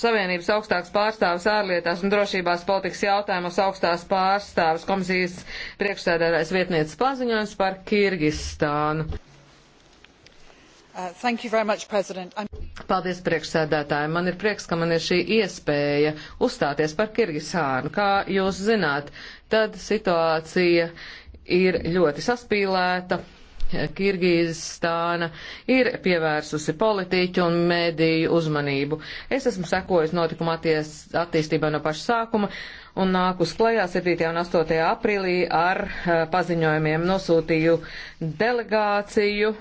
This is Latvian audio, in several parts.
Savienības augstās pārstāvis ārlietās un drošībās politikas jautājumos augstās pārstāvis komisijas priekšsēdētājs vietnieces paziņojums par Kirgistānu. Uh, much, Paldies, priekšsēdētāji. Man ir prieks, ka man ir šī iespēja uzstāties par Kirgisānu. Kā jūs zināt, tad situācija ir ļoti saspīlēta. Kirgīzistāna ir pievērsusi politiķu un mēdīju uzmanību. Es esmu sekojis notikuma atties, attīstībā no paša sākuma un nākus klajā 7. un 8. aprīlī ar uh, paziņojumiem nosūtīju delegāciju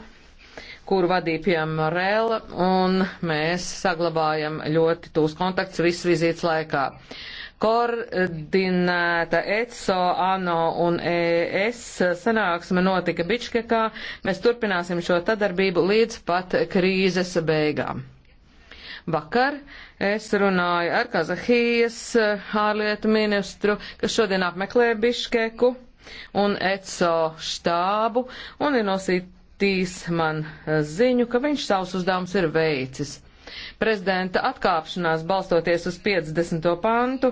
kuru vadīja Piemrēla, un mēs saglabājam ļoti tūs kontakts visu vizītes laikā. Uh, Koordinēta ECO, ANO un ES sanāksme notika Bičkekā. Mēs turpināsim šo sadarbību līdz pat krīzes beigām. Vakar es runāju ar Kazahijas ārlietu ministru, kas šodien apmeklē Biškeku un ECO štābu un ir nosītījis man ziņu, ka viņš savus uzdevumus ir veicis. Prezidenta atkāpšanās balstoties uz 50. pantu,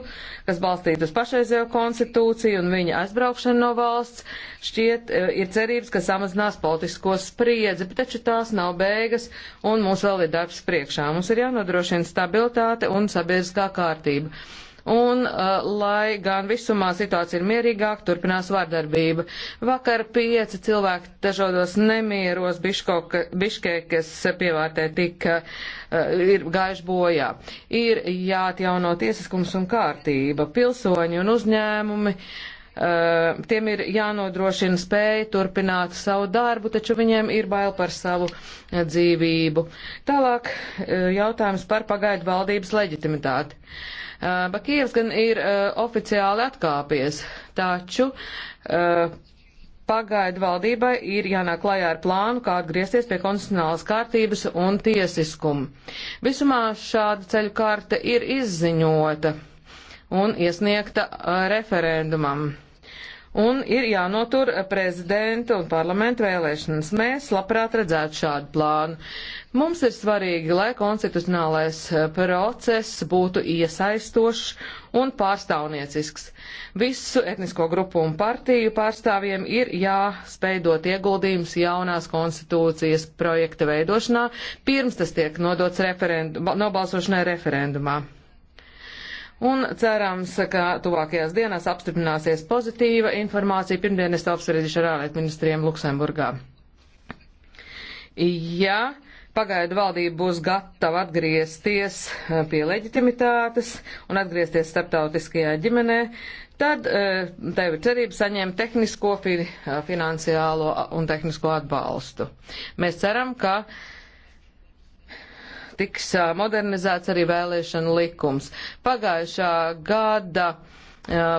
kas balstīt uz pašreizējo konstitūciju un viņa aizbraukšanu no valsts, šķiet e, ir cerības, ka samazinās politisko spriedzi, bet taču tās nav beigas un mums vēl ir darbs priekšā. Mums ir jānodrošina stabilitāte un sabiedriskā kārtība un uh, lai gan visumā situācija ir mierīgāka, turpinās vardarbība. Vakar pieci cilvēki dažādos nemieros Biškēkas pievārtē tika uh, ir gājuši bojā. Ir jāatjauno tiesiskums un kārtība, pilsoņi un uzņēmumi. Uh, tiem ir jānodrošina spēja turpināt savu darbu, taču viņiem ir bail par savu uh, dzīvību. Tālāk uh, jautājums par pagaidu valdības leģitimitāti. Uh, Eh, Bakīrs gan ir eh, oficiāli atkāpies, taču eh, pagaidu valdībai ir jānāk klajā ar plānu, kā atgriezties pie konstitucionālas kārtības un tiesiskuma. Visumā šāda ceļu kārta ir izziņota un iesniegta referendumam un ir jānotur prezidenta un parlamenta vēlēšanas. Mēs labprāt redzētu šādu plānu. Mums ir svarīgi, lai konstitucionālais eh, process būtu iesaistošs un pārstāvniecisks. Visu etnisko grupu un partiju pārstāvjiem ir jāspēj dot ieguldījums jaunās konstitūcijas projekta veidošanā, pirms tas tiek nodots referendu, nobalsošanai referendumā. Un cerams, ka tuvākajās dienās apstiprināsies pozitīva informācija. Pirmdien es to apsverežu ar ārlietu ministriem Luksemburgā. Ja pagaidu valdība būs gatava atgriezties eh, pie leģitimitātes un atgriezties starptautiskajā ģimenē, tad eh, tev ir cerība saņemt tehnisko, finansiālo un tehnisko atbalstu. Mēs ceram, ka tiks modernizēts arī vēlēšana likums. Pagājušā gada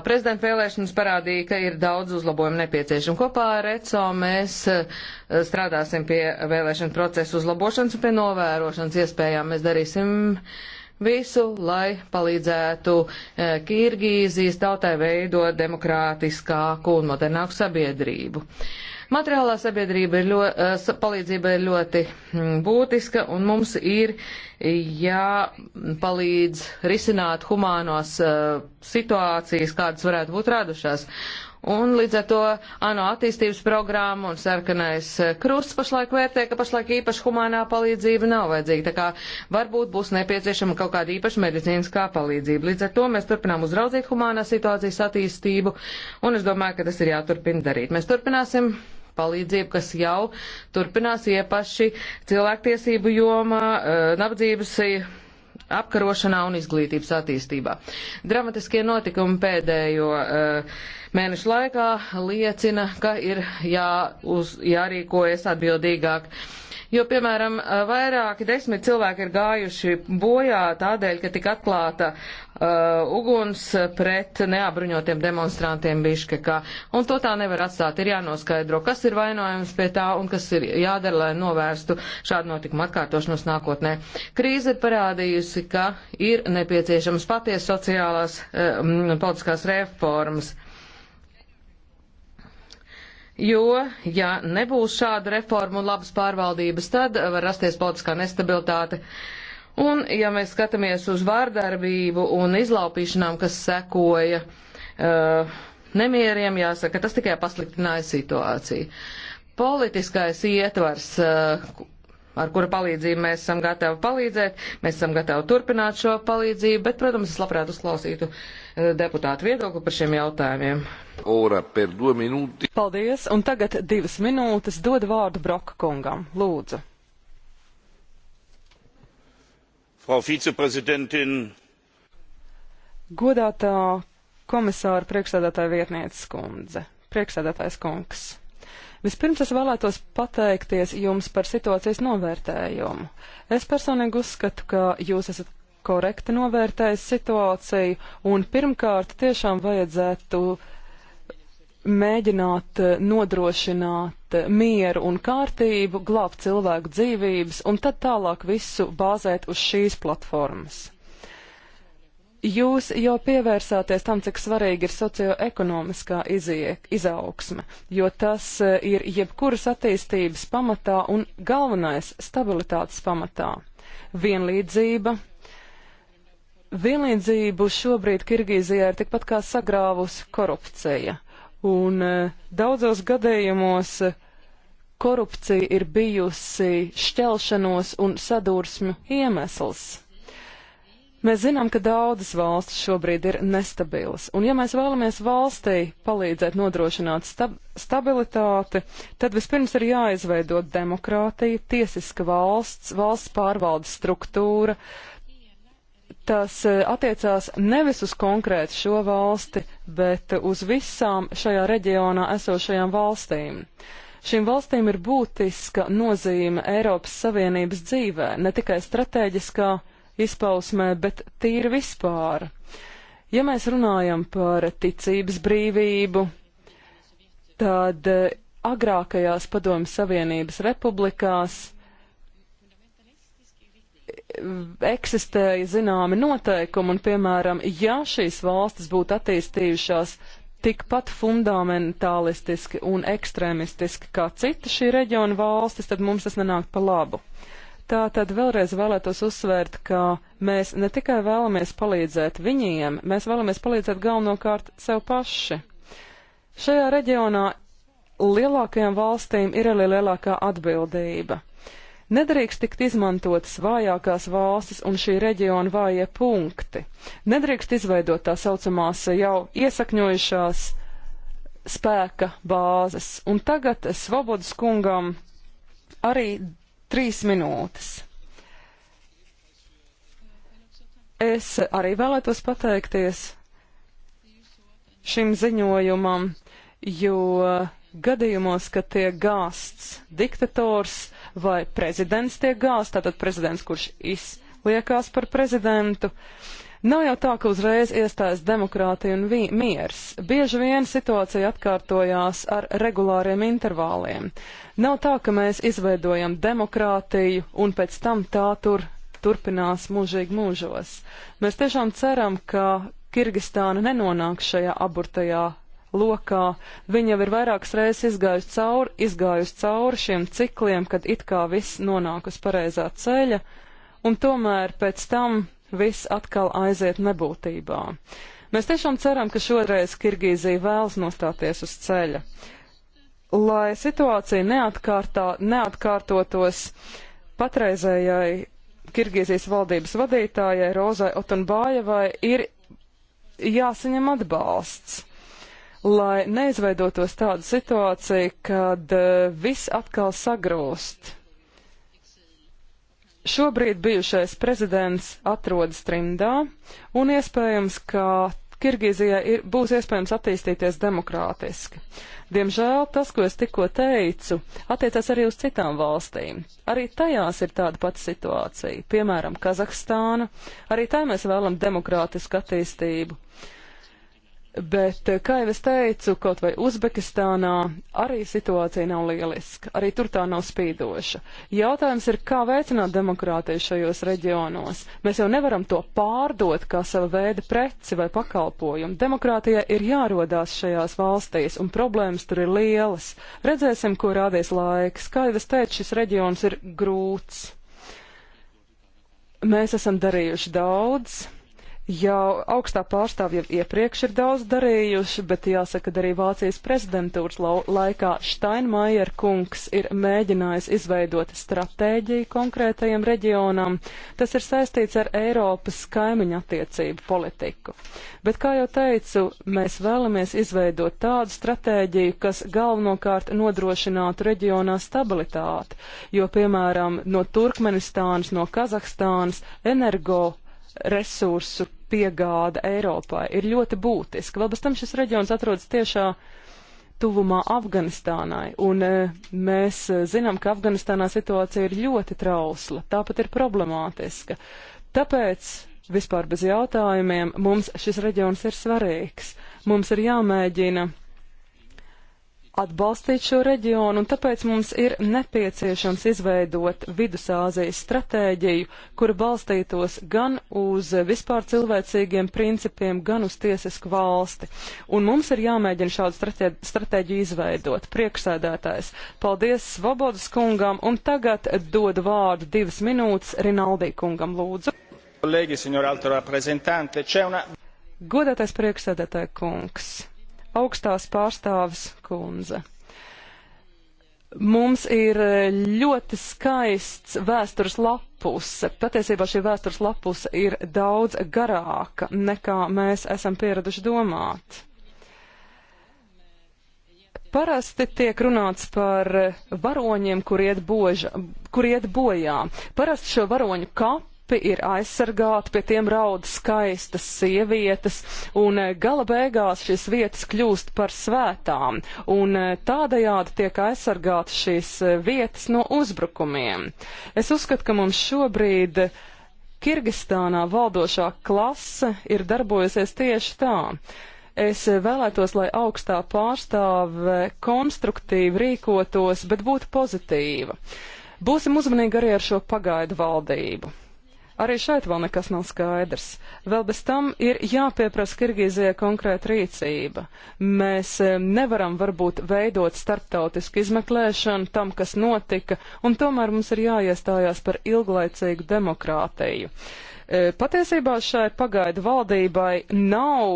prezidenta vēlēšanas parādīja, ka ir daudz uzlabojumu nepieciešama. Kopā ar ECO mēs strādāsim pie vēlēšana procesa uzlabošanas un pie novērošanas iespējām. Mēs darīsim visu, lai palīdzētu Kirgīzijas tautai veidot demokrātiskāku un modernāku sabiedrību. Uh, Materiālā sabiedrība ir ļoti, eh, palīdzība ir ļoti mm, būtiska un mums ir jāpalīdz risināt humānos eh, situācijas, kādas varētu būt radušās. Un līdz ar to ANO attīstības programma un sarkanais eh, krusts pašlaik vērtē, ka pašlaik īpaši humānā palīdzība nav vajadzīga. Tā kā varbūt būs nepieciešama kaut kāda īpaša medicīniskā palīdzība. Līdz ar to mēs turpinām uzraudzīt humānā situācijas attīstību, un es domāju, ka tas ir jāturpina darīt. Mēs turpināsim palīdzību, kas jau turpinās iepaši cilvēktiesību jomā, eh, nabadzības apkarošanā un izglītības attīstībā. Dramatiskie notikumi pēdējo uh, mēnešu laikā liecina, ka ir jā, uz, jārīkojas atbildīgāk. Jo, piemēram, eh, vairāki desmit cilvēki ir gājuši bojā tādēļ, ka tika atklāta uh, uguns pret neapbruņotiem demonstrantiem Biškekā. Un to tā nevar atstāt. Ir jānoskaidro, kas ir vainojams pie tā un kas ir jādara, lai novērstu šādu notikumu atkārtošanos nākotnē. Krīze ir parādījusi, ka ir nepieciešams paties sociālās uh, politiskās reformas. Jo, ja nebūs šāda reforma un labas pārvaldības, tad var rasties politiskā nestabilitāte. Uh, Un, ja mēs skatāmies uz vārdarbību un izlaupīšanām, kas sekoja uh, nemieriem, jāsaka, tas tikai pasliktināja situāciju. Politiskais ietvars, uh, ar kura palīdzību mēs esam gatavi palīdzēt, mēs esam gatavi turpināt šo palīdzību, bet, protams, es labprāt uzklausītu uh, deputātu viedokli par šiem jautājumiem. Ora per do minūti. Paldies, un tagad divas minūtes dod vārdu Broka kungam. Lūdzu. Frau Vizepräsidentin! Godātā komisāra priekšsēdētāja vietnietes kundze, priekšsēdētājs kungs. Vispirms es vēlētos pateikties jums par situācijas novērtējumu. Es personīgi uzskatu, ka jūs esat korekti novērtējis situāciju un pirmkārt tiešām vajadzētu mēģināt eh, nodrošināt eh, mieru un kārtību, glābt cilvēku dzīvības un tad tālāk visu bāzēt uz šīs platformas. Jūs jau pievērsāties tam, cik svarīgi ir socioekonomiskā iziek, izaugsme, jo tas eh, ir jebkuras attīstības pamatā un galvenais stabilitātes pamatā. Vienlīdzība. Vienlīdzību šobrīd Kirgīzijā ir tikpat kā sagrāvusi korupcija Un eh, daudzos gadījumos eh, korupcija ir bijusi šķelšanos un sadursmu iemesls. Mēs zinām, ka daudzas valstis šobrīd ir nestabilas, un ja mēs vēlamies valstī palīdzēt nodrošināt stab stabilitāti, tad vispirms ir jāizveido demokrātija, tiesiska valsts, valsts pārvaldes struktūra, tas e, attiecās nevis uz konkrētu šo valsti, bet uz visām šajā reģionā esošajām valstīm. Šīm valstīm ir būtiska nozīme Eiropas Savienības dzīvē, ne tikai strateģiskā izpausmē, bet tīri vispār. Ja mēs runājam par ticības brīvību, tad e, agrākajās Padomju Savienības republikās eksistēja zināmi noteikumi, un, piemēram, ja šīs valstis būtu attīstījušās tikpat fundamentālistiski un ekstrēmistiski kā cita šī reģiona valstis, tad mums tas nenāktu pa labu. Tā tad vēlreiz vēlētos uzsvērt, ka mēs ne tikai vēlamies palīdzēt viņiem, mēs vēlamies palīdzēt galvenokārt sev paši. Šajā reģionā lielākajām valstīm ir arī lielākā atbildība. Nedrīkst tikt izmantotas vājākās valstis un šī reģiona vājie punkti. Nedrīkst izveidot tā saucamās jau iesakņojušās spēka bāzes. Un tagad Svobodas kungam arī trīs minūtes. Es arī vēlētos pateikties šim ziņojumam, jo gadījumos, kad tiek gāsts diktators vai prezidents tiek gāsts, tātad prezidents, kurš izliekās par prezidentu, nav jau tā, ka uzreiz iestājas demokrātija un miers. Bieži vien situācija atkārtojās ar regulāriem intervāliem. Nav tā, ka mēs izveidojam demokrātiju un pēc tam tā tur turpinās mūžīgi mūžos. Mēs tiešām ceram, ka Kirgistāna nenonāk šajā aburtajā lokā. Viņa jau ir vairākas reizes izgājusi cauri, izgājusi cauri šiem cikliem, kad it kā viss nonāk uz pareizā ceļa, un tomēr pēc tam viss atkal aiziet nebūtībā. Mēs tiešām ceram, ka šoreiz Kirgīzija vēlas nostāties uz ceļa. Lai situācija neatkārtā, neatkārtotos patreizējai Kirgīzijas valdības vadītājai Rozai Otunbājevai ir jāsaņem atbalsts lai neizveidotos tāda situācija, kad e, viss atkal sagrūst. Šobrīd bijušais prezidents atrodas trimdā, un iespējams, ka Kirgīzijai ir, būs iespējams attīstīties demokrātiski. Diemžēl tas, ko es tikko teicu, attiecas arī uz citām valstīm. Arī tajās ir tāda pati situācija, piemēram, Kazahstāna. Arī tā mēs vēlam demokrātisku attīstību. Bet, eh, kā jau es teicu, kaut vai Uzbekistānā arī situācija nav lieliska, arī tur tā nav spīdoša. Jautājums ir, kā veicināt demokrātiju šajos reģionos. Mēs jau nevaram to pārdot kā sava veida preci vai pakalpojumu. Demokrātija ir jārodās šajās valstīs, un problēmas tur ir lielas. Redzēsim, ko rādīs laiks. Kā jau es teicu, šis reģions ir grūts. Mēs esam darījuši daudz Jau augstā pārstāvja iepriekš ir daudz darījuši, bet jāsaka, ka arī Vācijas prezidentūras laikā Steinmeier kungs ir mēģinājis izveidot stratēģiju konkrētajam reģionam. Tas ir saistīts ar Eiropas kaimiņu attiecību politiku. Bet, kā jau teicu, mēs vēlamies izveidot tādu stratēģiju, kas galvenokārt nodrošinātu reģionā stabilitāti, jo, piemēram, no Turkmenistānas, no Kazahstānas energo resursu piegāda Eiropai ir ļoti būtiska. Vēl bez tam šis reģions atrodas tiešā tuvumā Afganistānai, un e, mēs e, zinām, ka Afganistānā situācija ir ļoti trausla, tāpat ir problemātiska. Tāpēc vispār bez jautājumiem mums šis reģions ir svarīgs. Mums ir jāmēģina atbalstīt šo reģionu, un tāpēc mums ir nepieciešams izveidot Vidusāzijas stratēģiju, kura balstītos gan uz vispār cilvēcīgiem principiem, gan uz tiesisku valsti. Un mums ir jāmēģina šādu stratēģiju izveidot. Priekšsēdētājs, paldies Svobodas kungam, un tagad dodu vārdu divas minūtes Rinaldī kungam, lūdzu. Kolēģi, signor alto reprezentante, c'è una... Godātais priekšsēdētāja kungs augstās pārstāvis kundze. Mums ir e, ļoti skaists vēstures lapuse. Patiesībā šī vēstures lapuse ir daudz garāka nekā mēs esam pieraduši domāt. Parasti tiek runāts par varoņiem, kur iet, boža, kur iet bojā. Parasti šo varoņu kapu upi ir aizsargāti, pie tiem raud skaistas sievietes, un eh, gala beigās šīs vietas kļūst par svētām, un eh, tādējādi tiek aizsargātas šīs eh, vietas no uzbrukumiem. Es uzskatu, ka mums šobrīd Kirgistānā valdošā klase ir darbojusies tieši tā. Es vēlētos, lai augstā pārstāve konstruktīvi rīkotos, bet būtu pozitīva. Būsim uzmanīgi arī ar šo pagaidu valdību. Arī šeit vēl nekas nav skaidrs. Vēl bez tam ir jāpieprasa Kirgīzijai konkrēta rīcība. Mēs eh, nevaram varbūt veidot starptautisku izmeklēšanu tam, kas notika, un tomēr mums ir jāiestājās par ilglaicīgu demokrātiju. Eh, patiesībā šai pagaidu valdībai nav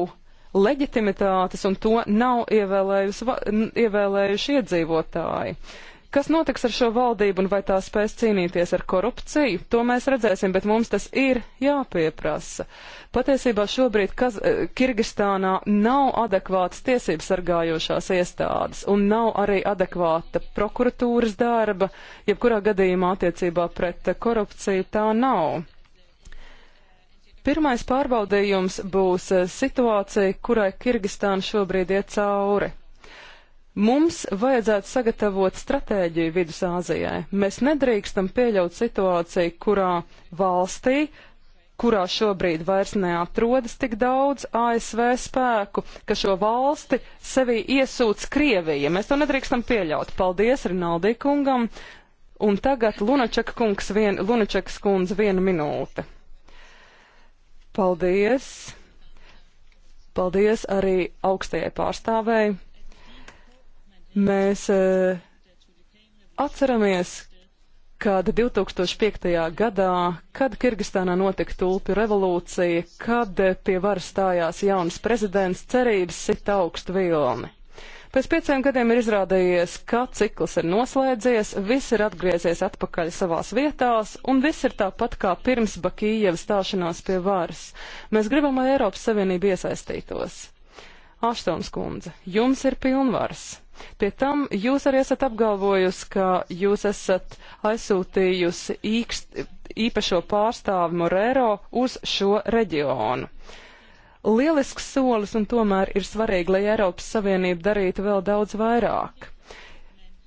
leģitimitātes, un to nav ievēlējuši iedzīvotāji. Kas notiks ar šo valdību un vai tā spēs cīnīties ar korupciju, to mēs redzēsim, bet mums tas ir jāpieprasa. Patiesībā šobrīd Kaz eh, Kirgistānā nav adekvātas tiesības sargājošās iestādes un nav arī adekvāta prokuratūras darba, jebkurā gadījumā attiecībā pret korupciju tā nav. Pirmais pārbaudījums būs eh, situācija, kurai Kirgistāna šobrīd iet cauri. Mums vajadzētu sagatavot stratēģiju Vidusāzijai. Mēs nedrīkstam pieļaut situāciju, kurā valstī, kurā šobrīd vairs neatrodas tik daudz ASV spēku, ka šo valsti sevī iesūc Krievija. Mēs to nedrīkstam pieļaut. Paldies Rinaldī kungam. Un tagad Lunačaka kungs vien, Lunačakas kundze viena minūte. Paldies. Paldies arī augstajai pārstāvēji Mēs e, atceramies, kad 2005. gadā, kad Kirgistānā notika tulpju revolūcija, kad pie varas stājās jauns prezidents, cerības sit augstu vilni. Pēc pieciem gadiem ir izrādījies, ka cikls ir noslēdzies, viss ir atgriezies atpakaļ savās vietās, un viss ir tāpat kā pirms Bakījeva stāšanās pie varas. Mēs gribam, lai Eiropas Savienība iesaistītos. Aštons kundze, jums ir pilnvars. Pie tam jūs arī esat apgalvojusi, ka jūs esat aizsūtījusi īkst, īpašo pārstāvi Morero uz šo reģionu. Lielisks solis un tomēr ir svarīgi, lai Eiropas Savienība darītu vēl daudz vairāk.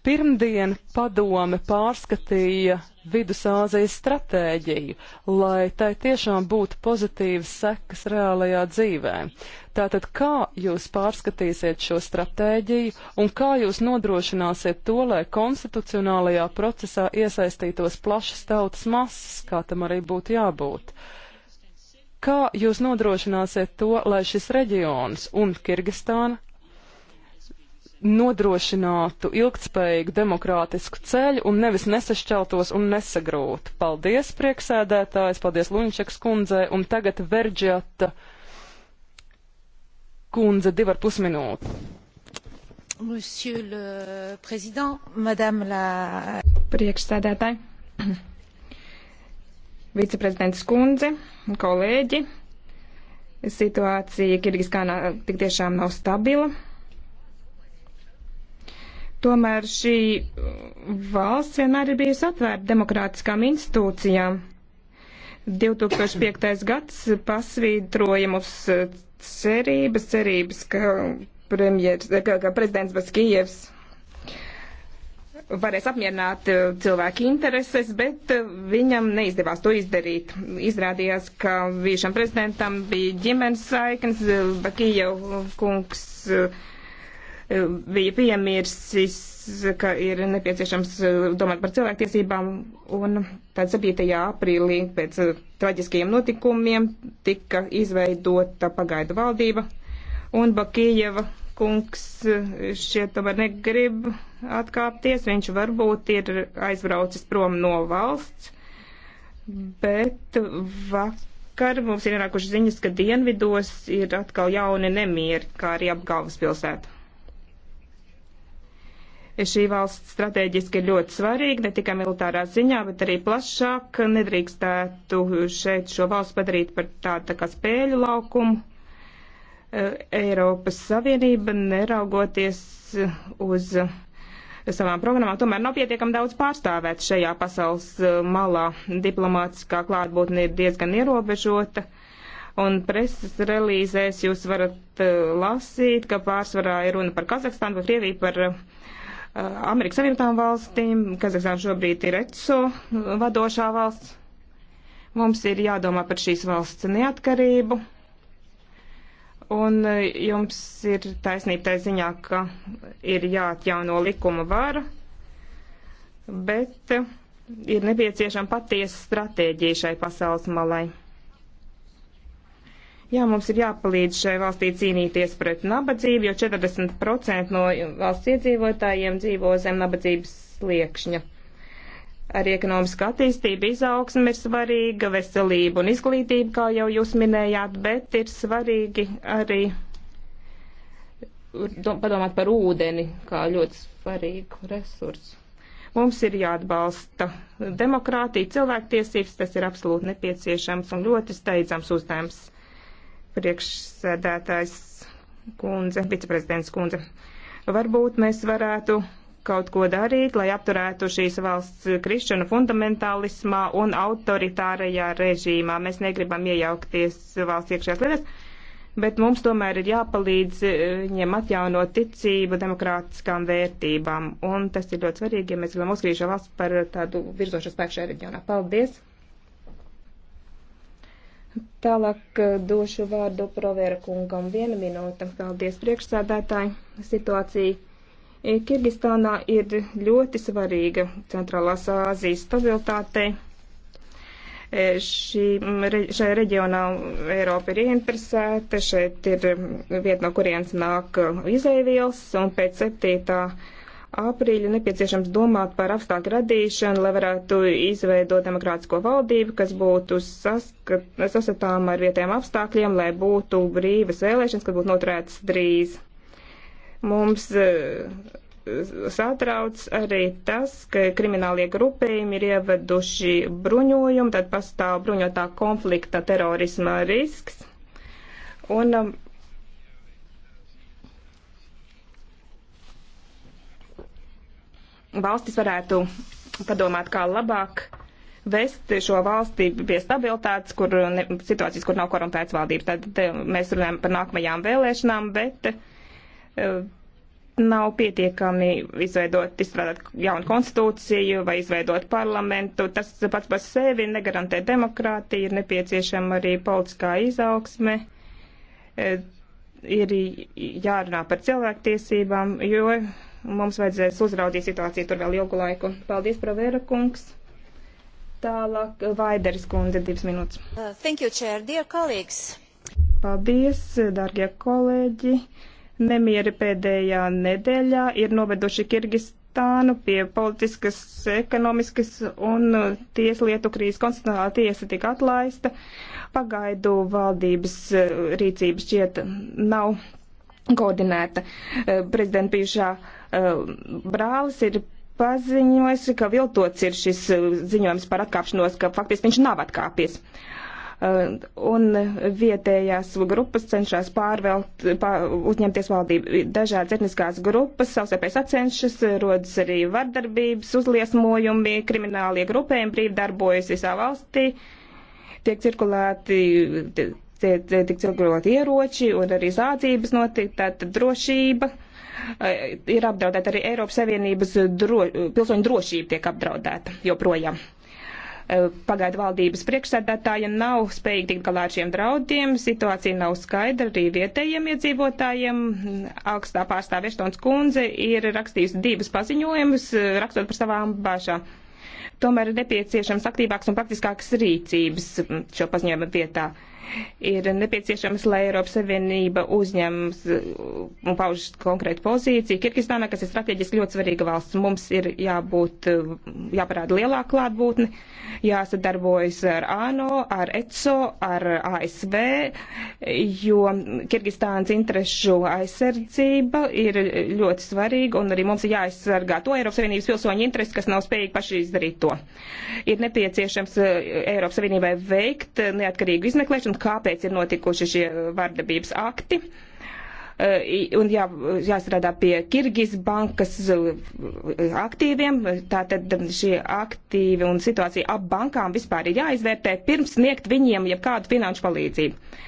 Pirmdien padome pārskatīja Vidusāzijas stratēģiju, lai tai tiešām būtu pozitīvas sekas reālajā dzīvē. Tātad, kā jūs pārskatīsiet šo stratēģiju un kā jūs nodrošināsiet to, lai konstitucionālajā procesā iesaistītos plašas tautas masas, kā tam arī būtu jābūt? Kā jūs nodrošināsiet to, lai šis reģions un Kirgistāna nodrošinātu ilgtspējīgu demokrātisku ceļu un nevis nesašķeltos un nesagrūtu? Paldies, prieksēdētājs, paldies Luņčeks kundzei un tagad Verģiata kundze divar pusminūte. Monsieur le Président, Madame la Priekšsēdētāji, viceprezidents kundze, kolēģi, situācija Kirgiskānā tik tiešām nav stabila. Tomēr šī valsts vienmēr ir bijusi atvērta demokrātiskām institūcijām. 2005. gads pasvītroja mums eh, cerības, cerības, ka, premjers, eh, ka, ka prezidents Baskijevs varēs apmierināt eh, cilvēku intereses, bet viņam neizdevās to izdarīt. Izrādījās, ka vīšam prezidentam bija ģimenes saiknes, Bakija kungs bija piemirsis, ka ir nepieciešams eh, domāt par cilvēktiesībām, un tad 7. aprīlī pēc eh, traģiskajiem notikumiem tika izveidota pagaidu valdība, un Bakījeva kungs eh, šie tomēr negrib atkāpties, viņš varbūt ir aizbraucis prom no valsts, bet vakar mums ir ienākuši ziņas, ka dienvidos ir atkal jauni nemieri, kā arī apgalvas pilsēta. Šī valsts strateģiski ir ļoti svarīga, ne tikai militārā ziņā, bet arī plašāk. Nedrīkstētu šeit šo valsts padarīt par tādu tā kā spēļu laukumu. E, Eiropas Savienība, neraugoties uz savām programmām, tomēr nav pietiekami daudz pārstāvēt šajā pasaules e, malā. Diplomātiskā klātbūtne ir diezgan ierobežota. Un preses relīzēs jūs varat e, lasīt, ka pārsvarā ir runa par Kazahstānu, par Krieviju, par uh, Eh, Amerikas Savienotām valstīm. Kazahstāna šobrīd ir ECO eh, vadošā valsts. Mums ir jādomā par šīs valsts neatkarību. Un eh, jums ir taisnība tā ziņā, ka ir jāatjauno likuma vara, bet ir nepieciešama patiesa stratēģija šai pasaules malai. Jā, mums ir jāpalīdz šai valstī cīnīties pret nabadzību, jo 40% no valsts iedzīvotājiem dzīvo zem nabadzības sliekšņa. Arī ekonomiska attīstība, izaugsme ir svarīga, veselība un izglītība, kā jau jūs minējāt, bet ir svarīgi arī padomāt par ūdeni kā ļoti svarīgu resursu. Mums ir jāatbalsta demokrātija, cilvēktiesības, tas ir absolūti nepieciešams un ļoti steidzams uzdevums priekšsēdētājs kundze, viceprezidents kundze. Varbūt mēs varētu kaut ko darīt, lai apturētu šīs valsts krišanu fundamentālismā un autoritārajā režīmā. Mēs negribam iejaukties valsts iekšējās lietas, bet mums tomēr ir jāpalīdz viņiem eh, atjaunot ticību demokrātiskām vērtībām. Un tas ir ļoti svarīgi, ja mēs gribam uzskatīt šo valsts par tādu virzošu spēku šajā reģionā. Paldies! Tālāk eh, došu vārdu Provera kungam. Viena minūte. Paldies priekšsādātāji. Situācija eh, Kirgistānā ir ļoti svarīga centrālās Āzijas stabilitātei. Eh, šī, mm, šajā reģionā Eiropa ir ieinteresēta, šeit ir mm, vieta, no kurienes nāk izēvielas, un pēc septītā aprīļa nepieciešams domāt par apstākļu radīšanu, lai varētu izveidot demokrātisko valdību, kas būtu saskatāma ar vietējiem apstākļiem, lai būtu brīvas vēlēšanas, kas būtu noturētas drīz. Mums eh, satrauc arī tas, ka kriminālie grupējumi ir ieveduši bruņojumu, tad pastāv bruņotā konflikta terorisma risks. Un um, valstis varētu padomāt, kā labāk vest šo valsti pie stabilitātes, kur ne, situācijas, kur nav korumpētas valdības. Tad te, mēs runājam par nākamajām vēlēšanām, bet uh, nav pietiekami izveidot, izstrādāt jaunu konstitūciju vai izveidot parlamentu. Tas pats par sevi negarantē demokrātiju, ir nepieciešama arī politiskā izaugsme. Uh, ir jārunā par cilvēktiesībām, jo mums vajadzēs uzraudzīt situāciju tur vēl ilgu laiku. Paldies, Pravēra kungs. Tālāk Vaideris kundze, divas minūtes. Uh, thank you, chair, dear colleagues. Paldies, dārgie kolēģi. Nemieri pēdējā nedēļā ir noveduši Kirgistānu pie politiskas, ekonomiskas un tieslietu krīzes. Konstitucionālā tiesa tika atlaista. Pagaidu valdības uh, rīcības šķiet nav koordinēta. Eh, prezidenta bijušā eh, brālis ir paziņojis, ka viltots ir šis eh, ziņojums par atkāpšanos, ka faktiski viņš nav atkāpies. Un vietējās grupas cenšas pārvelt, pār, uzņemties valdību. Dažādas etniskās grupas savstarpēji sacenšas, rodas arī vardarbības, uzliesmojumi, kriminālie grupējumi brīvdarbojas visā valstī, tiek cirkulēti tiek, tiek cirkulot ieroči un arī zādzības notiek, tātad drošība e, ir apdraudēta arī Eiropas Savienības dro, pilsoņu drošība tiek apdraudēta joprojām. E, Pagaidu valdības priekšsēdētāja nav spējīgi tikt galā ar šiem draudiem, situācija nav skaidra arī vietējiem iedzīvotājiem. Augstā pārstāve Eštons kundze ir rakstījusi divas paziņojumus, e, rakstot par savām bažām. Tomēr ir nepieciešams aktīvāks un praktiskāks rīcības šo paziņojumu vietā. Uh, ir nepieciešams, lai Eiropas Savienība uzņems uh, un pauž konkrētu pozīciju. Kirgistāna, kas ir strateģiski ļoti svarīga valsts, mums ir jābūt, uh, jāparāda lielāka klātbūtne, jāsadarbojas ar ANO, ar ECO, ar ASV, jo Kirgistānas interešu aizsardzība ir ļoti svarīga un arī mums ir jāaizsargā to Eiropas Savienības pilsoņu interesi, kas nav spējīgi paši izdarīt to. Ir nepieciešams uh, Eiropas Savienībai veikt neatkarīgu izmeklēšanu, kāpēc ir notikuši šie vardarbības akti. Eh, un jā, jāstrādā pie Kirgis bankas eh, aktīviem, tātad šie aktīvi un situācija ap bankām vispār ir jāizvērtē pirms sniegt viņiem jebkādu finanšu palīdzību.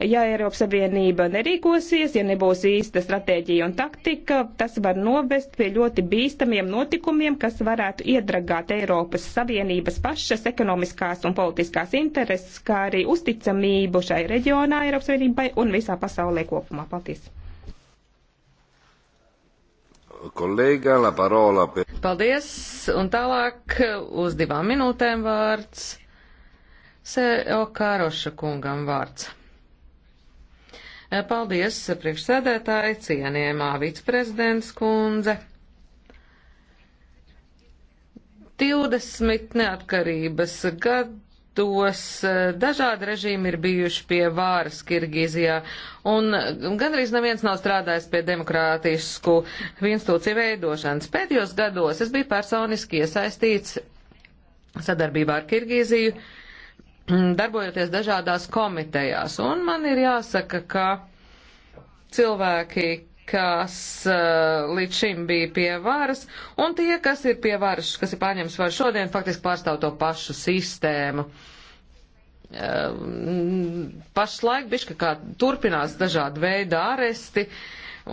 Ja Eiropas Savienība nerīkosies, ja nebūs īsta stratēģija un taktika, tas var novest pie ļoti bīstamiem notikumiem, kas varētu iedragāt Eiropas Savienības pašas ekonomiskās un politiskās intereses, kā arī uzticamību šai reģionā Eiropas Savienībai un visā pasaulē kopumā. Paldies! kolēģa, la parola. Per... Paldies, un tālāk uz divām minūtēm vārds. Se Okaroša kungam vārds. Paldies, priekšsēdētāji, cienījumā viceprezidents kundze. 20 neatkarības gados eh, dažādi režīmi ir bijuši pie vāras Kirgīzijā, un gandrīz neviens nav strādājis pie demokrātisku institūciju veidošanas. Pēdējos gados es biju personiski iesaistīts sadarbībā ar Kirgīziju. Uh, Mm, darbojoties dažādās komitejās. Un man ir jāsaka, ka cilvēki, kas uh, līdz šim bija pie varas, un tie, kas ir pie varas, kas ir pārņemts varu šodien, faktiski pārstāv to pašu sistēmu. Uh, pašlaik bišķi kā turpinās dažādi veidi āresti,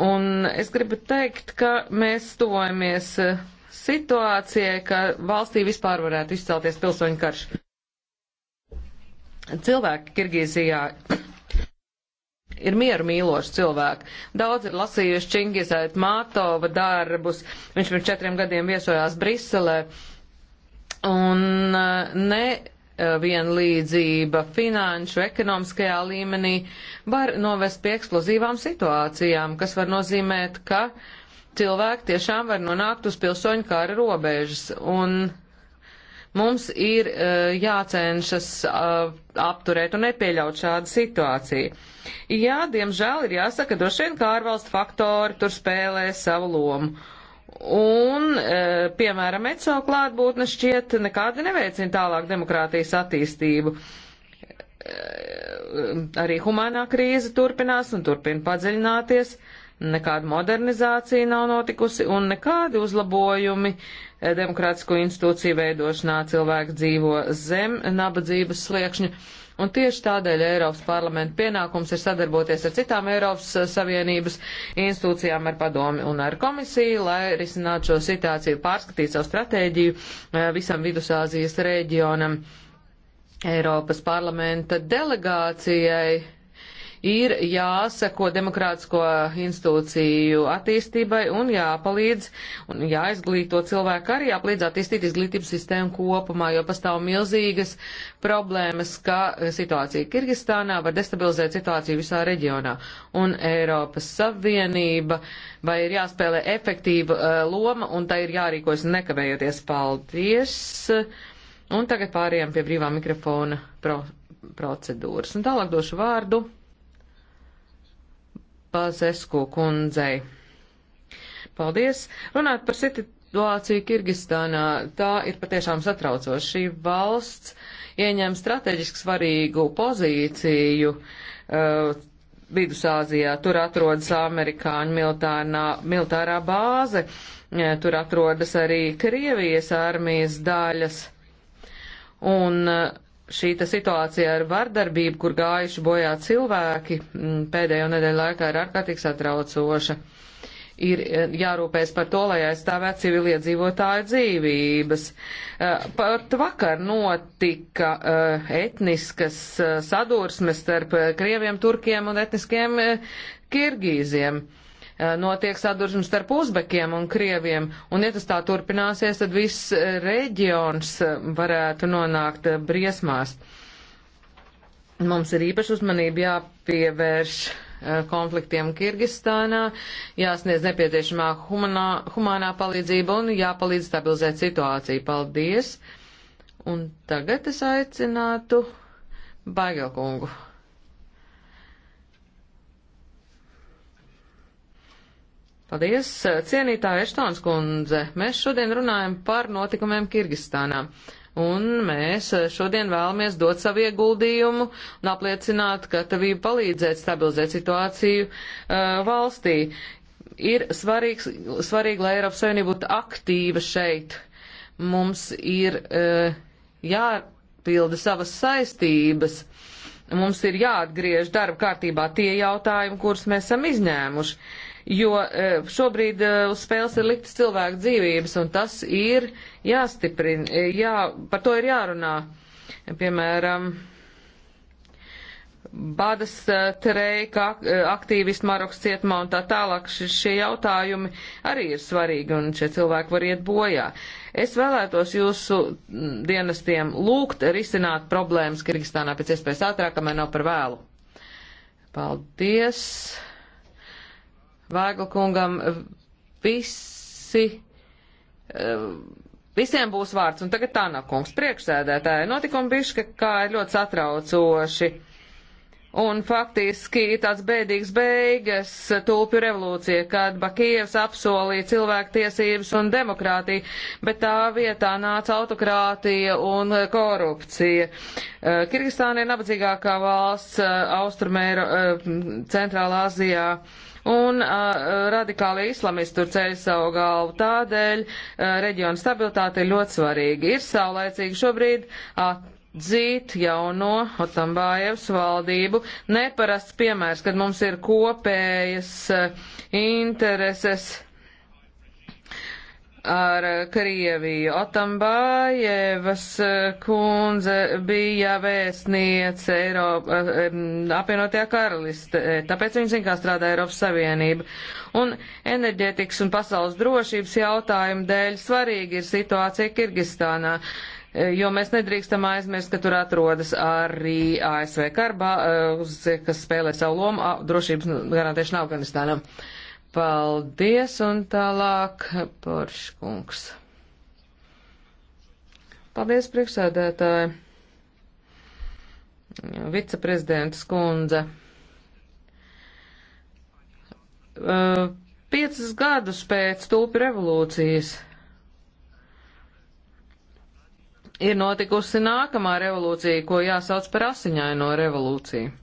un es gribu teikt, ka mēs tuvojamies eh, situācijai, ka valstī vispār varētu izcelties pilsoņu karš. Cilvēki Kirgīzijā ir mieru mīloši cilvēki. Daudz ir lasījuši Čingizēt Mātova darbus. Viņš pirms četriem gadiem viesojās Briselē. Un eh, ne eh, vienlīdzība finanšu, ekonomiskajā līmenī var novest pie eksplozīvām situācijām, kas var nozīmēt, ka cilvēki tiešām var nonākt uz pilsoņu kara robežas. Un Mums ir eh, jācenšas eh, apturēt un nepieļaut šādu situāciju. Jā, diemžēl ir jāsaka, droši vien kā ārvalstu faktori tur spēlē savu lomu. Un, eh, piemēram, ECO klātbūtne šķiet nekādi neveicina tālāk demokrātijas attīstību arī humānā krīze turpinās un turpina padziļināties, nekāda modernizācija nav notikusi un nekādi uzlabojumi Eh, demokrātisko institūciju veidošanā cilvēki dzīvo zem nabadzības sliekšņa. Un tieši tādēļ Eiropas parlamenta pienākums ir sadarboties ar citām Eiropas eh, Savienības institūcijām, ar padomi un ar komisiju, lai risinātu šo situāciju, pārskatītu savu stratēģiju eh, visam Vidusāzijas reģionam. Eiropas parlamenta delegācijai ir jāseko demokrātisko institūciju attīstībai un jāpalīdz un jāizglīto cilvēku arī jāpalīdz attīstīt izglītības sistēmu kopumā, jo pastāv milzīgas problēmas, ka situācija Kirgistānā var destabilizēt situāciju visā reģionā. Un Eiropas Savienība vai ir jāspēlē efektīva uh, loma un tai ir jārīkojas nekavējoties. Paldies! Un tagad pārējām pie brīvā mikrofona pro procedūras. Un tālāk došu vārdu Pazesku kundzei. Paldies! Runāt par situāciju Kirgistānā, tā ir patiešām satraucoša. Šī valsts ieņem strateģiski svarīgu pozīciju uh, Vidusāzijā. Tur atrodas amerikāņu militārā, militārā bāze, uh, tur atrodas arī Krievijas armijas daļas. Un uh, šī situācija ar vardarbību, kur gājuši bojā cilvēki mm, pēdējo nedēļu laikā, ir ārkārtīgi satraucoša. Ir e, jārūpēs par to, lai aizstāvētu civiliedzīvotāju dzīvības. E, pat vakar notika e, etniskas sadursmes starp krieviem, turkiem un etniskiem kirgīziem. Eh, notiek sadursme starp uzbekiem un krieviem, un ja tas tā turpināsies, tad viss eh, reģions eh, varētu nonākt briesmās. Mums ir īpaši uzmanība jāpievērš konfliktiem Kirgistānā, jāsniedz nepieciešamā humanā, humanā palīdzība un jāpalīdz stabilizēt situāciju. Paldies! Un tagad es aicinātu Baigelkungu. Paldies, cienītāja Eštāns kundze. Mēs šodien runājam par notikumiem Kirgistānā. Un mēs šodien vēlamies dot savu ieguldījumu un apliecināt gatavību palīdzēt stabilizēt situāciju uh, valstī. Ir svarīgs, svarīgi, lai Eiropas Savienība būtu aktīva šeit. Mums ir uh, jāpilda savas saistības. Mums ir jāatgriež darba kārtībā tie jautājumi, kurus mēs esam izņēmuši. Uh, jo e, šobrīd e, uz spēles ir liktas cilvēku dzīvības, un tas ir jāstiprina, e, jā, par to ir jārunā. Piemēram, Badas treika, aktīvisti Maroks cietumā un tā tālāk šie jautājumi arī ir svarīgi un šie cilvēki var iet bojā. Es vēlētos jūsu dienestiem lūgt risināt problēmas Kirgistānā pēc iespējas ātrāk, kamēr nav par vēlu. Paldies! Vēgla kungam visi. Eh, visiem būs vārds, un tagad tā nav kungs priekšsēdētāja. Notikumi bišķi, kā ir ļoti satraucoši. Un faktiski tāds bēdīgs beigas tulpju revolūcija, kad Bakijevs apsolīja cilvēktiesības un demokrātiju, bet tā vietā nāca autokrātija un korupcija. Eh, Kirgistāna ir nabadzīgākā valsts eh, Austrumēra centrālā Azijā un uh, radikāli islamisti tur ceļ savu galvu. Tādēļ uh, reģiona stabilitāte ir ļoti svarīga. Ir saulēcīgi šobrīd atzīt jauno Otambājevs valdību. Neparasts piemērs, kad mums ir kopējas uh, intereses ar Krieviju. Otambājevas eh, kundze bija vēstniece Eiropa, eh, apvienotajā karalistē, tāpēc viņa zina, kā strādā Eiropas Savienība. Un enerģētikas un pasaules drošības jautājumu dēļ svarīgi ir situācija Kirgistānā, eh, jo mēs nedrīkstam aizmirst, ka tur atrodas arī ASV karbā, kas spēlē savu lomu drošības garantēšanu Afganistānam. Uh, Paldies un tālāk Porškungs. Paldies, priekšsēdētāji. Viceprezidents kundze. Uh, piecas gadus pēc tulpi revolūcijas ir notikusi nākamā revolūcija, ko jāsauc par asiņaino revolūciju.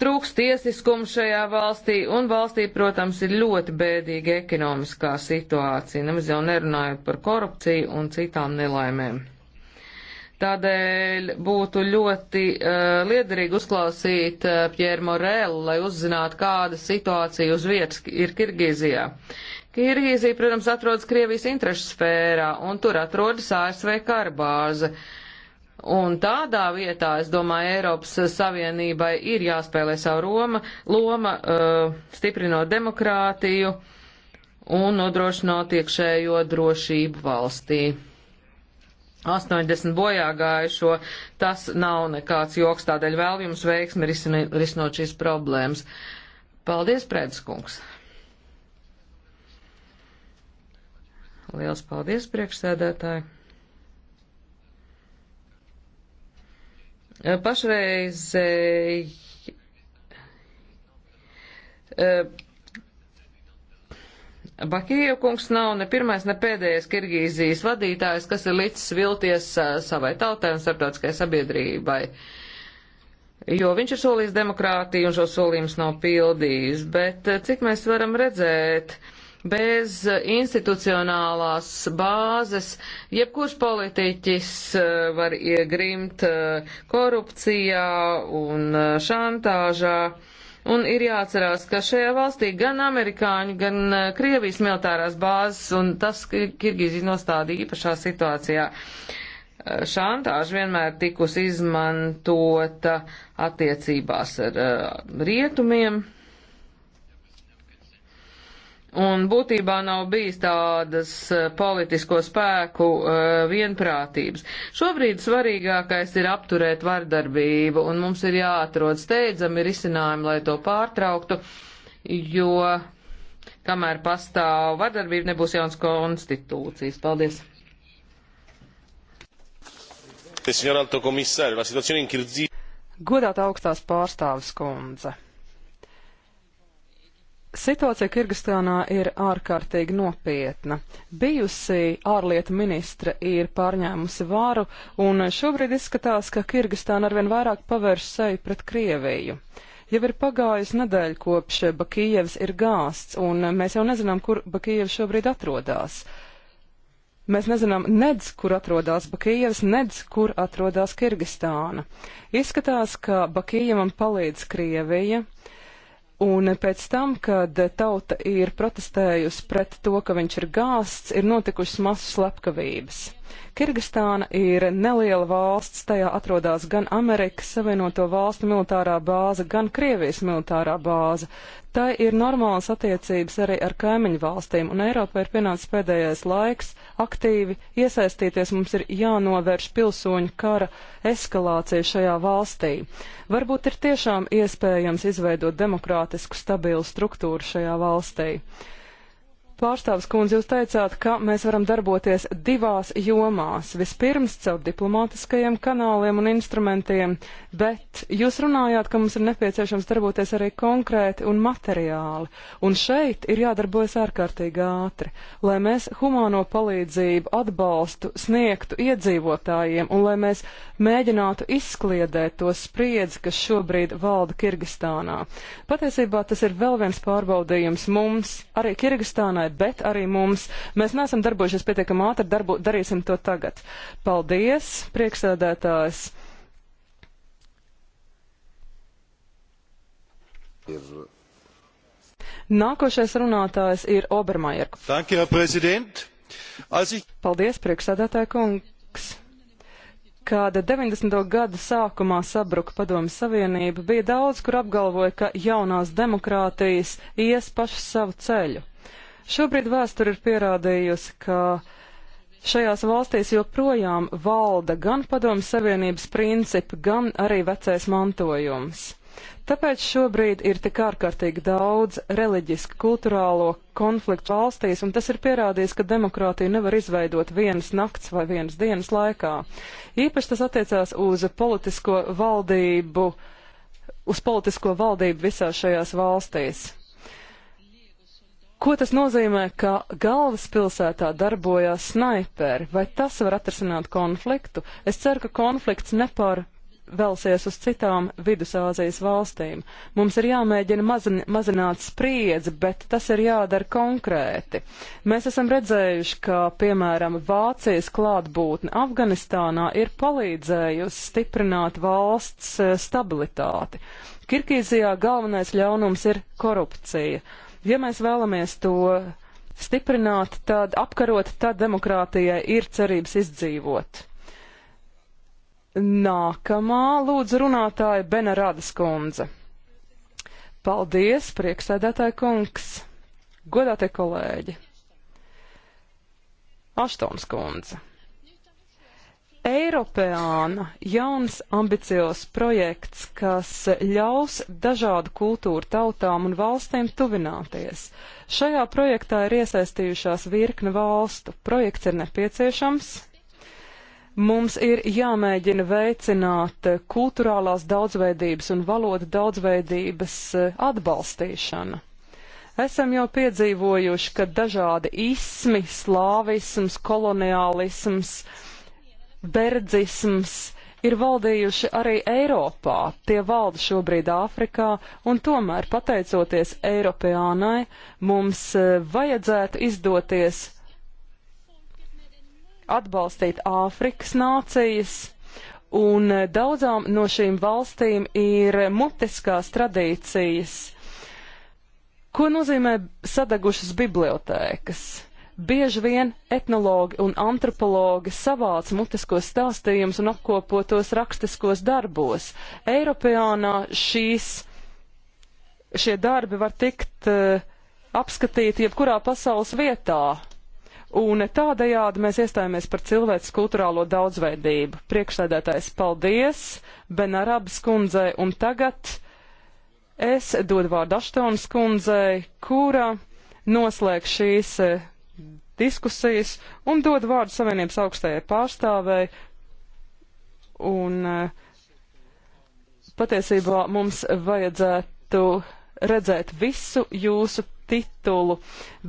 trūks tiesiskums šajā valstī, un valstī, protams, ir ļoti bēdīga ekonomiskā situācija, nemaz jau nerunājot par korupciju un citām nelaimēm. Tādēļ būtu ļoti uh, liederīgi uzklausīt uh, eh, Pjēru Morelu, lai uzzinātu, kāda situācija uz vietas ir Kirgīzijā. Kirgīzija, protams, atrodas Krievijas interešu sfērā, un tur atrodas ASV karbāze. Uh, Un tādā vietā, es domāju, Eiropas Savienībai ir jāspēlē savu Roma, loma, uh, stiprinot demokrātiju un nodrošinot iekšējo drošību valstī. 80 bojā gājušo, tas nav nekāds joks, tādēļ vēl jums veiksmi risinot šīs problēmas. Paldies, Prēdiskungs! Liels paldies, priekšsēdētāji! Eh, Pašreiz eh, Bakīja kungs nav ne pirmais, ne pēdējais Kirgīzijas vadītājs, kas ir licis vilties eh, savai tautai un starptautiskai sabiedrībai. Jo viņš ir solījis demokrātiju un šo solījumus nav pildījis, bet cik mēs varam redzēt, uh, bez eh, institucionālās bāzes jebkurš politiķis eh, var iegrimt eh, korupcijā un šantāžā. Un ir jāatcerās, ka šajā valstī gan amerikāņu, gan Krievijas militārās bāzes, un tas Kirgīzija nostāda īpašā situācijā. Šantāža vienmēr tikus izmantota attiecībās ar rietumiem, un būtībā nav bijis tādas eh, politisko spēku eh, vienprātības. Šobrīd svarīgākais ir apturēt vardarbību, un mums ir jāatrod steidzami risinājumi, lai to pārtrauktu, jo kamēr pastāv vardarbība, nebūs jauns konstitūcijas. Paldies! Godāta augstās pārstāvis kundze. Situācija Kirgistānā ir ārkārtīgi nopietna. Bijusī ārlietu ministra ir pārņēmusi vāru, un šobrīd izskatās, ka Kirgistāna arvien vairāk pavērš seju pret Krieviju. Jau ir pagājusi nedēļa kopš Bakījevs ir gāsts, un mēs jau nezinām, kur Bakījevs šobrīd atrodās. Mēs nezinām nedz, kur atrodās Bakījevs, nedz, kur atrodās Kirgistāna. Izskatās, ka Bakījevam palīdz Krievija. Uh, Un pēc tam, kad tauta ir protestējusi pret to, ka viņš ir gāsts, ir notikušas masu slepkavības. Kirgistāna ir neliela valsts, tajā atrodas gan Amerikas Savienoto valstu militārā bāze, gan Krievijas militārā bāze. Tai ir normālas attiecības arī ar kaimiņu valstīm, un Eiropā ir pienācis pēdējais laiks aktīvi iesaistīties, mums ir jānovērš pilsoņu kara eskalācija šajā valstī. Varbūt ir tiešām iespējams izveidot demokrātisku stabilu struktūru šajā valstī. Pārstāvs kundze, jūs teicāt, ka mēs varam darboties divās jomās. Vispirms caur diplomātiskajiem kanāliem un instrumentiem, bet jūs runājāt, ka mums ir nepieciešams darboties arī konkrēti un materiāli. Un šeit ir jādarbojas ārkārtīgi ātri, lai mēs humāno palīdzību atbalstu sniegtu iedzīvotājiem un lai mēs mēģinātu izkliedēt to spriedzi, kas šobrīd valda Kirgistānā. Patiesībā tas ir vēl viens pārbaudījums mums, arī Kirgistānai, bet arī mums. Mēs neesam darbojušies pietiekami ātri, darbu, darīsim to tagad. Paldies, priekšsēdētājs. Nākošais runātājs ir Obermajer. Paldies, priekšsēdētāja kungs kāda 90. gadu sākumā sabruka Padomu Savienība, bija daudz, kur apgalvoja, ka jaunās demokrātijas ies pašu savu ceļu. Šobrīd vēsture ir pierādījusi, ka šajās valstīs joprojām valda gan padomu savienības principi, gan arī vecais mantojums. Tāpēc šobrīd ir tik ārkārtīgi daudz reliģisku, kulturālo konfliktu valstīs, un tas ir pierādījis, ka demokrātiju nevar izveidot vienas nakts vai vienas dienas laikā. Īpaši tas attiecās uz politisko valdību, uz politisko valdību visās šajās valstīs. Ko tas nozīmē, ka galvaspilsētā darbojās snaiperi? Vai tas var atrasināt konfliktu? Es ceru, ka konflikts nepār velsies uz citām Vidusāzijas valstīm. Mums ir jāmēģina mazin, mazināt spriedzi, bet tas ir jādara konkrēti. Mēs esam redzējuši, ka, piemēram, Vācijas klātbūtne Afganistānā ir palīdzējusi stiprināt valsts eh, stabilitāti. Kirkīzijā galvenais ļaunums ir korupcija. Ja mēs vēlamies to stiprināt, tad apkarot, tad demokrātijai ir cerības izdzīvot. Nākamā lūdzu runātāja Benarādas kundze. Paldies, prieksēdētāja kungs, godātie kolēģi. Aštons kundze. Eiropeāna jauns ambiciozs projekts, kas ļaus dažādu kultūru tautām un valstīm tuvināties. Šajā projektā ir iesaistījušās virkne valstu. Projekts ir nepieciešams. Mums ir jāmēģina veicināt kultūrālās daudzveidības un valodu daudzveidības atbalstīšanu. Esam jau piedzīvojuši, ka dažādi ismi, slāvisms, koloniālisms, uh, verdzisms ir valdījuši arī Eiropā, tie valda šobrīd Āfrikā, un tomēr, pateicoties Eiropiānai, mums e, vajadzētu izdoties atbalstīt Āfrikas nācijas, un e, daudzām no šīm valstīm ir mutiskās tradīcijas. Ko nozīmē sadegušas bibliotēkas? Bieži vien etnologi un antropologi savāc mutiskos stāstījumus un apkopotos rakstiskos darbos. Eiropānā šīs, šie darbi var tikt uh, eh, apskatīti jebkurā pasaules vietā, un tādējādi mēs iestājāmies par cilvēces kultūrālo daudzveidību. Priekšsēdētājs paldies Benarabas kundzei, un tagad es dodu vārdu Aštonas kundzei, kura noslēg šīs eh, diskusijas un dod vārdu Savienības augstajai pārstāvēji. Un eh, patiesībā mums vajadzētu redzēt visu jūsu titulu,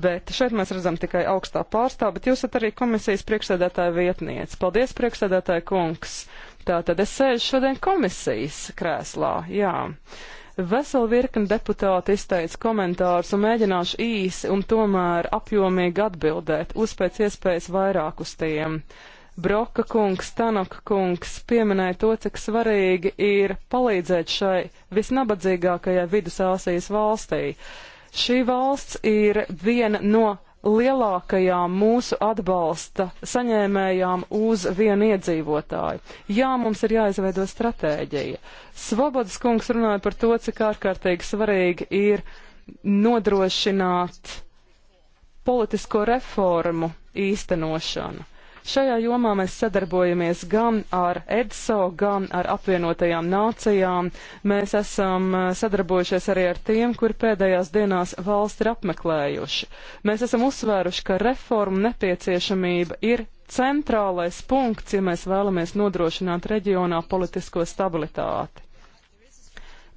bet šeit mēs redzam tikai augstā pārstāva, bet jūs esat arī komisijas priekšsēdētāja vietniece. Paldies, priekšsēdētāja kungs! Tātad es sēžu šodien komisijas krēslā, jā. Uh, Vesela virkni deputāti izteica komentārus un mēģināšu īsi un tomēr apjomīgi atbildēt uz pēc iespējas vairāk uz tiem. Broka kungs, Tanaka kungs pieminēja to, cik svarīgi ir palīdzēt šai visnabadzīgākajai Vidusāsijas valstī. Šī valsts ir viena no lielākajām mūsu atbalsta saņēmējām uz vienu iedzīvotāju. Jā, mums ir jāizveido stratēģija. Svobodas kungs runāja par to, cik ārkārtīgi svarīgi ir nodrošināt politisko reformu īstenošanu. Šajā jomā mēs sadarbojamies gan ar EDSO, gan ar apvienotajām nācijām. Mēs esam eh, sadarbojušies arī ar tiem, kur pēdējās dienās valsts ir apmeklējuši. Mēs esam uzsvēruši, ka reformu nepieciešamība ir centrālais punkts, ja mēs vēlamies nodrošināt reģionā politisko stabilitāti.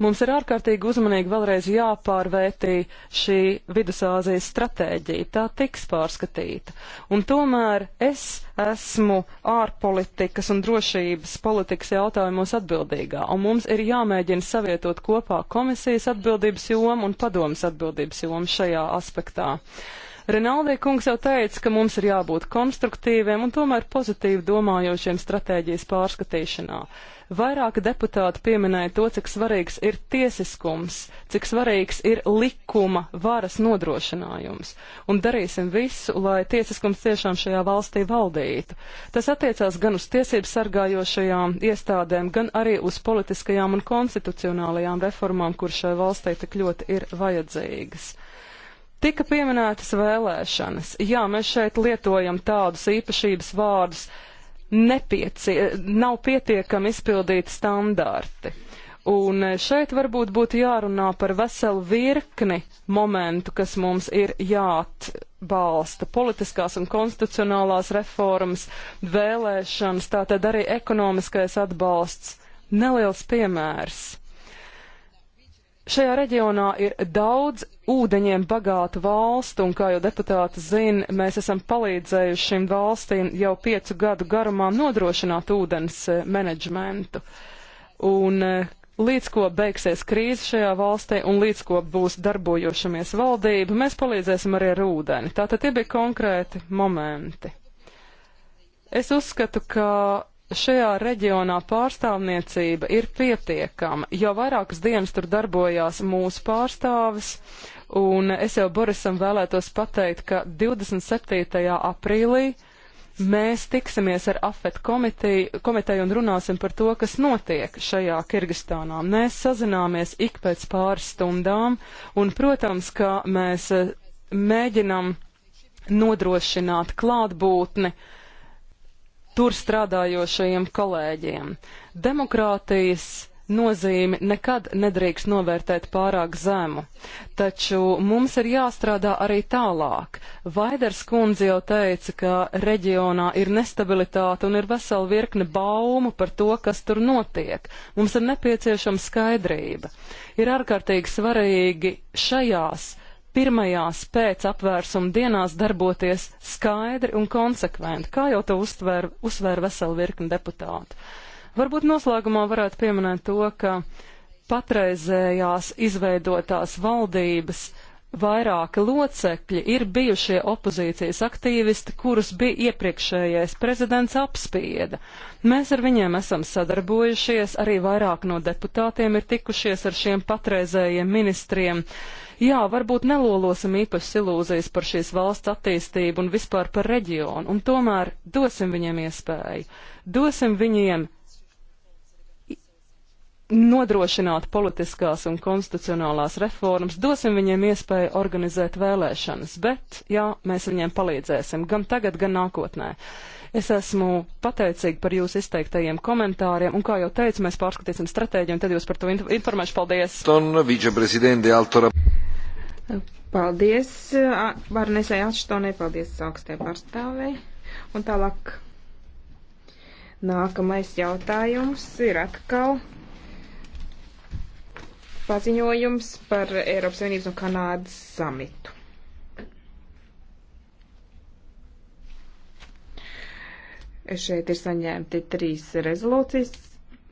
Mums ir ārkārtīgi uzmanīgi vēlreiz jāpārvērtī šī Vidusāzijas stratēģija. Tā tiks pārskatīta. Un tomēr es esmu ārpolitikas un drošības politikas jautājumos atbildīgā, un mums ir jāmēģina savietot kopā komisijas atbildības jomu un padomas atbildības jomu šajā aspektā. Uh, Renaldie kungs jau teica, ka mums ir jābūt konstruktīviem un tomēr pozitīvi domājošiem stratēģijas pārskatīšanā. Vairāki deputāti pieminēja to, cik svarīgs ir tiesiskums, cik svarīgs ir likuma varas nodrošinājums, un darīsim visu, lai tiesiskums tiešām šajā valstī valdītu. Tas attiecās gan uz tiesību sargājošajām iestādēm, gan arī uz politiskajām un konstitucionālajām reformām, kur šai valstī tik ļoti ir vajadzīgas. Tika pieminētas vēlēšanas. Jā, mēs šeit lietojam tādus īpašības vārdus, nepiecie, nav pietiekami izpildīti standarti. Un šeit varbūt būtu jārunā par veselu virkni momentu, kas mums ir jāatbalsta - politiskās un konstitucionālās reformas, vēlēšanas, tātad arī ekonomiskais atbalsts. Neliels piemērs. Šajā reģionā ir daudz ūdeņiem bagātu valstu, un, kā jau deputāti zina, mēs esam palīdzējuši šīm valstīm jau piecu gadu garumā nodrošināt ūdens eh, menedžmentu. Un eh, līdz ko beigsies krīze šajā valstī un līdz ko būs darbojošamies valdība, mēs palīdzēsim arī ar ūdeni. Tātad tie bija konkrēti momenti. Es uzskatu, ka šajā reģionā pārstāvniecība ir pietiekama. Jau vairākas dienas tur darbojās mūsu pārstāvis, un es jau Borisam vēlētos pateikt, ka 27. aprīlī mēs tiksimies ar AFET komiteju, komiteju un runāsim par to, kas notiek šajā Kirgistānā. Mēs sazināmies ik pēc pāris stundām, un, protams, ka mēs eh, mēģinam nodrošināt klātbūtni uh, tur strādājošajiem kolēģiem. Demokrātijas nozīmi nekad nedrīkst novērtēt pārāk zemu, taču mums ir jāstrādā arī tālāk. Vaiders kundze jau teica, ka reģionā ir nestabilitāte un ir vesela virkne baumu par to, kas tur notiek. Mums ir nepieciešama skaidrība. Ir ārkārtīgi svarīgi šajās pirmajās pēc apvērsuma dienās darboties skaidri un konsekventi, kā jau to uztver, uzsver veseli virkni deputātu. Varbūt noslēgumā varētu pieminēt to, ka patreizējās izveidotās valdības vairāki locekļi ir bijušie opozīcijas aktīvisti, kurus bija iepriekšējais prezidents apspieda. Mēs ar viņiem esam sadarbojušies, arī vairāk no deputātiem ir tikušies ar šiem patreizējiem ministriem. Uh, Jā, varbūt nelolosim īpašas ilūzijas par šīs valsts attīstību un vispār par reģionu, un tomēr dosim viņiem iespēju. Dosim viņiem nodrošināt politiskās un konstitucionālās reformas, dosim viņiem iespēju organizēt vēlēšanas, bet, jā, mēs viņiem palīdzēsim gan tagad, gan nākotnē. Es esmu pateicīga par jūsu izteiktajiem komentāriem, un, kā jau teicu, mēs pārskatīsim stratēģiju, un tad jūs par to informēšu. Paldies! Ton, Paldies, Varnesai Atštonai, paldies augstē pārstāvē. Un tālāk nākamais jautājums ir atkal paziņojums par Eiropas Savienības un Kanādas samitu. Šeit ir saņemti trīs rezolūcijas